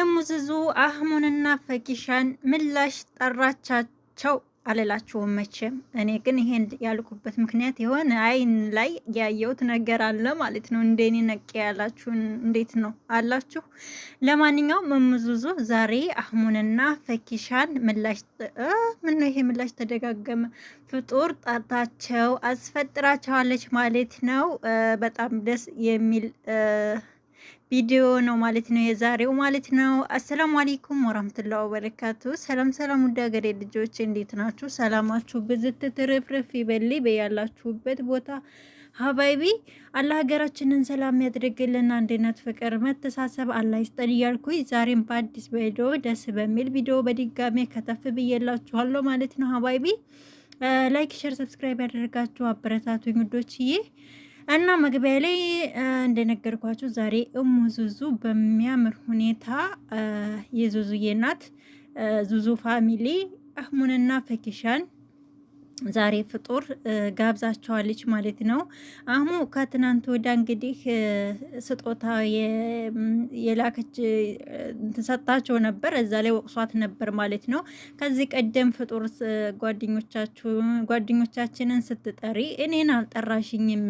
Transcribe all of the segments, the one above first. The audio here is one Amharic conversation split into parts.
እሙዝዙ አህሙንና ፈኪሻን ምላሽ ጠራቻቸው። አልላችሁም መቼም። እኔ ግን ይሄን ያልኩበት ምክንያት የሆነ አይን ላይ ያየሁት ነገር አለ ማለት ነው። እንደኔ ነቄ ያላችሁ እንዴት ነው አላችሁ? ለማንኛውም እሙዙዙ ዛሬ አህሙንና ፈኪሻን ምላሽ ምን ነው ይሄ ምላሽ ተደጋገመ። ፍጡር ጠርታቸው አስፈጥራቸዋለች ማለት ነው። በጣም ደስ የሚል ቪዲዮ ነው ማለት ነው የዛሬው ማለት ነው። አሰላሙ አለይኩም ወራህመቱላሂ ወበረካቱ። ሰላም ሰላም፣ ውድ ሀገሬ ልጆች እንዴት ናችሁ? ሰላማችሁ ብዝት ትርፍርፍ ይበል በያላችሁበት ቦታ ሀባይቢ አላህ ሀገራችንን ሰላም ያድርግልና አንድነት፣ ፍቅር፣ መተሳሰብ አላህ ይስጠን እያልኩኝ ዛሬም በአዲስ ቪዲዮ ደስ በሚል ቪዲዮ በድጋሜ ከተፍ ብዬላችኋለሁ ማለት ነው ሀባይቢ። ላይክ፣ ሸር፣ ሰብስክራይብ ያደረጋችሁ አበረታቱኝ ውዶችዬ። እና መግቢያ ላይ እንደነገርኳችሁ ዛሬ እሙ ዙዙ በሚያምር ሁኔታ የዙዙዬ እናት ዙዙ ፋሚሊ አህሙንና ፈኪሻን ዛሬ ፍጡር ጋብዛቸዋለች ማለት ነው። አህሙ ከትናንት ወዳ እንግዲህ ስጦታ የላከች ሰጣቸው ነበር። እዛ ላይ ወቅሷት ነበር ማለት ነው። ከዚህ ቀደም ፍጡር ጓደኞቻችንን ስትጠሪ እኔን አልጠራሽኝም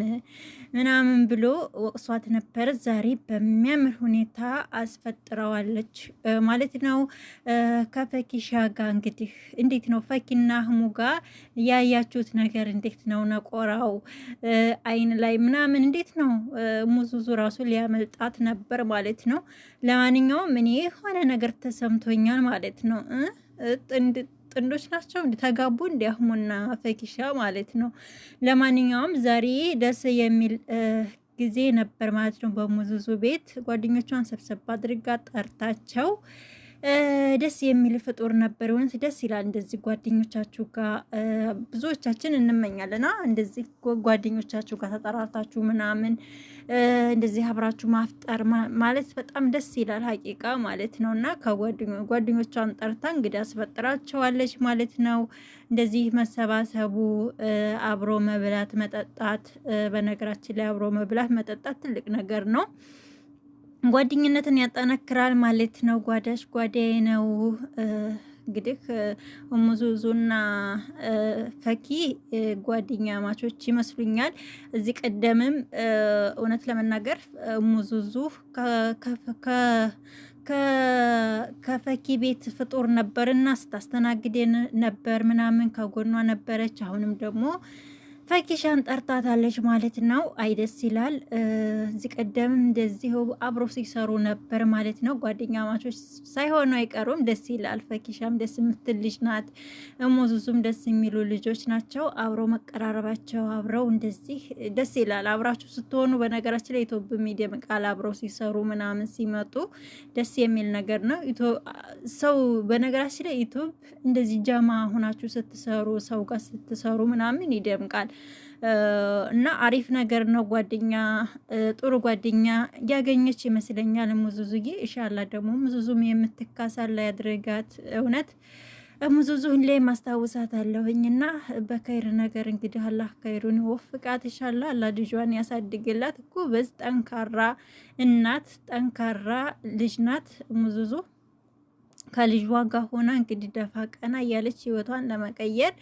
ምናምን ብሎ ወቅሷት ነበር። ዛሬ በሚያምር ሁኔታ አስፈጥረዋለች ማለት ነው። ከፈኪሻ ጋር እንግዲህ እንዴት ነው ፈኪና አህሙ ጋር ያያችሁት ነገር እንዴት ነው? ነቆራው አይን ላይ ምናምን እንዴት ነው? ሙዙዙ ራሱ ሊያመልጣት ነበር ማለት ነው። ለማንኛውም እኔ የሆነ ነገር ተሰምቶኛል ማለት ነው። ጥንዶች ናቸው ተጋቡ እንዲ አህሙና ፈኪሻ ማለት ነው። ለማንኛውም ዛሬ ደስ የሚል ጊዜ ነበር ማለት ነው። በሙዙዙ ቤት ጓደኞቿን ሰብሰብ አድርጋ ጠርታቸው ደስ የሚል ፍጡር ነበር። ሆንስ ደስ ይላል። እንደዚህ ጓደኞቻችሁ ጋር ብዙዎቻችን እንመኛለና እንደዚህ ጓደኞቻችሁ ጋር ተጠራርታችሁ ምናምን እንደዚህ አብራችሁ ማፍጠር ማለት በጣም ደስ ይላል። ሀቂቃ ማለት ነው እና ከጓደኞቿን ጠርታ እንግዲህ አስፈጥራቸዋለች ማለት ነው። እንደዚህ መሰባሰቡ አብሮ መብላት መጠጣት፣ በነገራችን ላይ አብሮ መብላት መጠጣት ትልቅ ነገር ነው። ጓደኝነትን ያጠናክራል ማለት ነው። ጓዳሽ ጓዳዬ ነው። እንግዲህ ሙዙዙና ፈኪ ጓደኛ ማቾች ይመስሉኛል። እዚህ ቀደምም እውነት ለመናገር ሙዙዙ ከፈኪ ቤት ፍጡር ነበርና ስታስተናግዴ ነበር ምናምን ከጎኗ ነበረች። አሁንም ደግሞ ፈኪሻን ጠርታታለች ማለት ነው። አይደስ ይላል። እዚህ ቀደም እንደዚህ አብሮ ሲሰሩ ነበር ማለት ነው። ጓደኛ ማቾች ሳይሆኑ አይቀሩም። ደስ ይላል። ፈኪሻም ደስ የምትል ልጅ ናት። እሞዙዙም ደስ የሚሉ ልጆች ናቸው። አብሮ መቀራረባቸው አብረው እንደዚህ ደስ ይላል። አብራችሁ ስትሆኑ፣ በነገራችን ላይ ሚዲየም ይደምቃል። አብረው ሲሰሩ ምናምን ሲመጡ ደስ የሚል ነገር ነው። ሰው በነገራችን ላይ ኢትዮብ እንደዚህ ጀማ ሆናችሁ ስትሰሩ፣ ሰው ጋር ስትሰሩ ምናምን ይደምቃል። እና አሪፍ ነገር ነው። ጓደኛ ጥሩ ጓደኛ ያገኘች ይመስለኛል ሙዙዙዬ። ኢንሻላህ ደግሞ ሙዙዙም የምትካሳላ ያድርጋት እውነት ሙዙዙ ሁሌ ማስታውሳት አለሁኝና በከይር ነገር እንግዲህ አላህ ከይሩን ወፍቃት ይሻላ። አላህ ልጇን ያሳድግላት። ጎበዝ ጠንካራ እናት፣ ጠንካራ ልጅ ናት ሙዙዙ። ከልጇ ጋር ሆና እንግዲህ ደፋ ቀና እያለች ህይወቷን ለመቀየር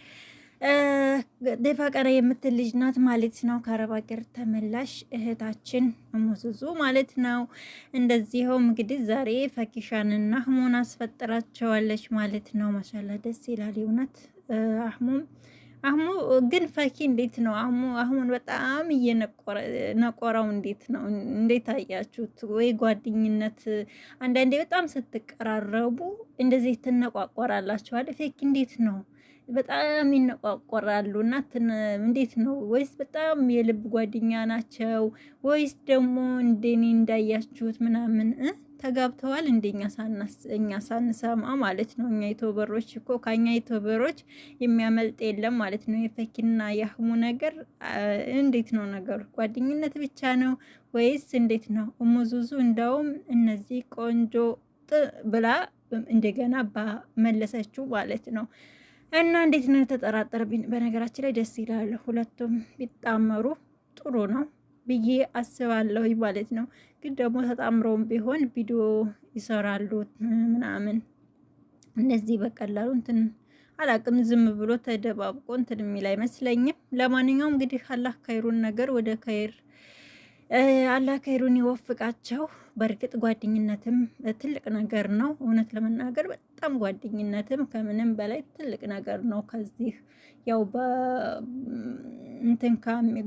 ደፋቀረ የምትል ልጅ ናት ማለት ነው። ከአረብ ሀገር ተመላሽ እህታችን ሙዙዙ ማለት ነው። እንደዚህው እንግዲህ ዛሬ ፈኪሻንና አህሙን አስፈጥራቸዋለች ማለት ነው። ማሻላ ደስ ይላል እውነት። አህሙም አህሙ ግን ፈኪ እንዴት ነው አህሙ አህሙን በጣም እየነቆረው እንዴት ነው? እንዴት አያችሁት? ወይ ጓደኝነት አንዳንዴ በጣም ስትቀራረቡ እንደዚህ ትነቋቆራላችኋል። ፌክ እንዴት ነው በጣም ይነቋቆራሉ እና እንዴት ነው? ወይስ በጣም የልብ ጓደኛ ናቸው? ወይስ ደግሞ እንደኔ እንዳያችሁት ምናምን ተጋብተዋል እንደኛ እኛ ሳንሰማ ማለት ነው። እኛ የቶበሮች እኮ ከኛ የቶበሮች የሚያመልጥ የለም ማለት ነው። የፈኪና የአህሙ ነገር እንዴት ነው ነገሩ? ጓደኝነት ብቻ ነው ወይስ እንዴት ነው? እሙዙዙ እንዳውም እነዚህ ቆንጆ ብላ እንደገና ባመለሰችው ማለት ነው። እና እንዴት ነው የተጠራጠረብኝ? በነገራችን ላይ ደስ ይላል፣ ሁለቱም ቢጣመሩ ጥሩ ነው ብዬ አስባለሁ ማለት ነው። ግን ደግሞ ተጣምረውም ቢሆን ቪዲዮ ይሰራሉ ምናምን እነዚህ በቀላሉ እንትን አላቅም። ዝም ብሎ ተደባብቆ እንትን የሚል አይመስለኝም። ለማንኛውም እንግዲህ አላህ ከይሩን ነገር ወደ ከይር አላህ ከይሩን ይወፍቃቸው። በእርግጥ ጓደኝነትም ትልቅ ነገር ነው። እውነት ለመናገር በጣም ጓደኝነትም ከምንም በላይ ትልቅ ነገር ነው። ከዚህ ያው እንትን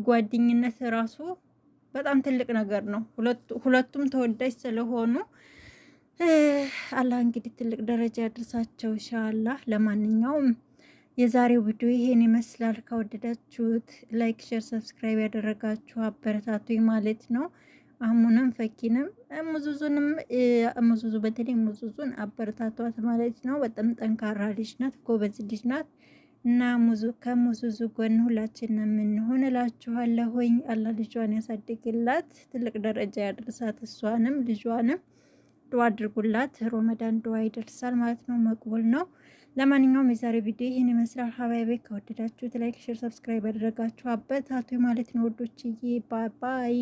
ጓደኝነት ራሱ በጣም ትልቅ ነገር ነው። ሁለቱም ተወዳጅ ስለሆኑ አላህ እንግዲህ ትልቅ ደረጃ ያድርሳቸው ኢንሻአላህ። ለማንኛውም የዛሬው ቪዲዮ ይሄን ይመስላል። ከወደዳችሁት ላይክ፣ ሼር፣ ሰብስክራይብ ያደረጋችሁ አበረታቱኝ ማለት ነው። አህሙንም ፈኪንም ሙዙዙንም ሙዙዙ በተለይ ሙዙዙን አበረታቷት ማለት ነው። በጣም ጠንካራ ልጅ ናት፣ ጎበዝ ልጅ ናት እና ሙዙ ከሙዙዙ ጎን ሁላችን የምንሆን እላችኋለሁኝ። አላህ ልጇን ያሳድግላት፣ ትልቅ ደረጃ ያደርሳት፣ እሷንም ልጇንም ዱዓ አድርጉላት። ሮመዳን ዱዓ ይደርሳል ማለት ነው፣ መቅቡል ነው። ለማንኛውም የዛሬ ቪዲዮ ይህን ይመስላል። ሀባይቤ ከወደዳችሁት ላይክ፣ ሼር፣ ሰብስክራይብ ያደረጋችሁ አቶ ማለት ነው። ወዶችዬ ባይ ባይ።